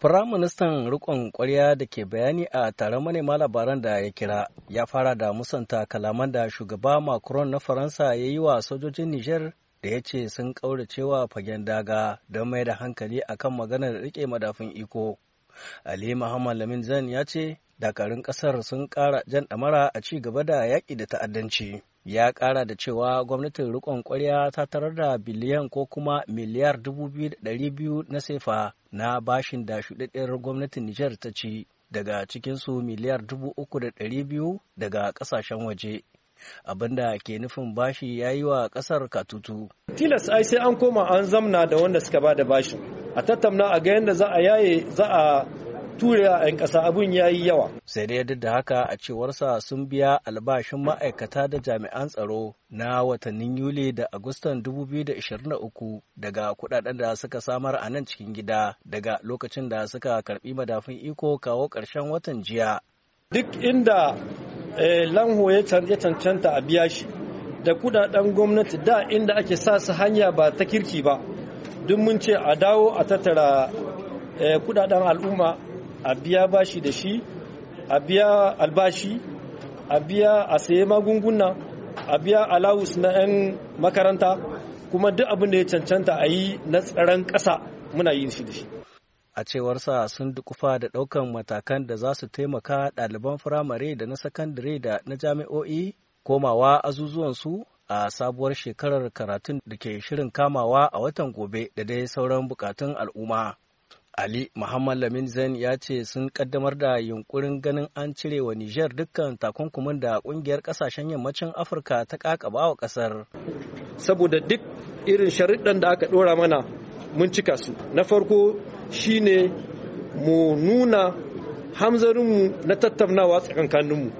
Firaministan rikon ƙwarya da ke bayani a taron manema labaran da ya kira ya fara da musanta kalaman da shugaba Macron na Faransa ya yi wa sojojin Nijar da ya ce sun ƙauracewa fagen daga don mai da hankali a magana maganar rike madafin iko. Ali Muhammad Lamin Zan ya ce dakarun ƙasar sun ƙara jan ɗamara a ci gaba da yaƙi da ta'addanci. ya ƙara da cewa gwamnatin rikon kwarya ta tarar da biliyan ko kuma miliyar 2,200 na sefa na bashin da shuɗaɗɗiyar gwamnatin Nijar ta ci daga cikinsu miliyar 3,200 daga ƙasashen waje. abinda ke nufin bashi ya yi wa ƙasar katutu. Tilas ai sai an koma an zamna da wanda suka ba da bashin. a tattauna a ga yadda za a yaye za a a 'yan ƙasa abun ya yi yawa. Sai dai duk da haka a cewarsa sun biya albashin ma'aikata da jami'an tsaro na watannin Yuli da Agustan 2023 daga kudaden da suka samar a nan cikin gida daga lokacin da suka karbi madafin iko kawo karshen watan jiya. Duk inda eh, lanho ya cancanta a biya shi da kudaden gwamnati da inda ake sa su hanya ba ta kirki ba duk mun ce a dawo a tattara eh, kudaden al'umma a biya bashi da shi a biya albashi a biya a saye magunguna a biya alawus na 'yan makaranta kuma duk abin da ya cancanta a yi na tsaron ƙasa muna yin shi da shi a cewar sa sun dukufa da ɗaukan matakan da za su taimaka ɗaliban firamare da na sakandare da na jami'o'i komawa azuzuwansu a sabuwar shekarar karatun da ke shirin kamawa a watan gobe da dai sauran bukatun al'umma. Ali Muhammad Lamin Zain ya ce sun kaddamar da yunkurin ganin an cire wa Nijar dukkan takunkumin da kungiyar kasashen yammacin Afirka ta kakaba wa kasar. Saboda duk irin sharuɗan da aka ɗora mana mun cika su. Na farko shi ne mu nuna hamzarinmu na tattaunawa tsakankaninmu.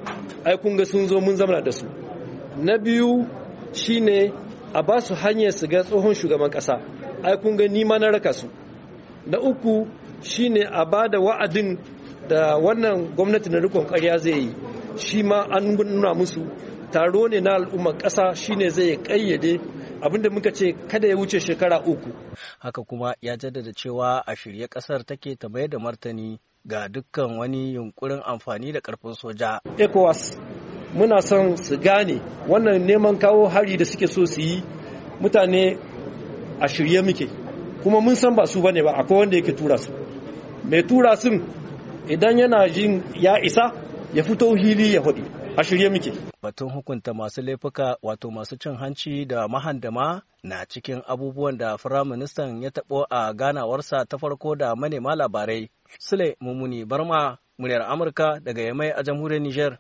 Ai kun ga sun zo mun zamana da su. Na biyu shi ne a ba su hanyar su ga tsohon shugaban ƙasa. Ai kun ni ma na raka su. na uku shine a ba da wa'adin da wannan gwamnati na rikon karya zai yi shi ma an nuna musu taro ne na al'ummar ƙasa shine zai ƙayyade abinda muka ce kada ya wuce shekara uku. Haka kuma ya jaddada cewa a shirye ƙasar take ta mayar da martani ga dukkan wani yunkurin amfani da karfin soja. ECOWAS muna son su gane wannan neman kawo hari da suke so su yi mutane a shirye muke kuma mun san ba su bane ba akwai wanda yake tura su mai tura sun idan yana jin ya isa ya fito hili ya hudu a shirye muke batun hukunta masu laifuka wato masu cin hanci da mahandama na cikin abubuwan da firaministan ya taɓo a ganawarsa ta farko da manema labarai sule mummuni barma muryar amurka daga yamai a jamhuriyar niger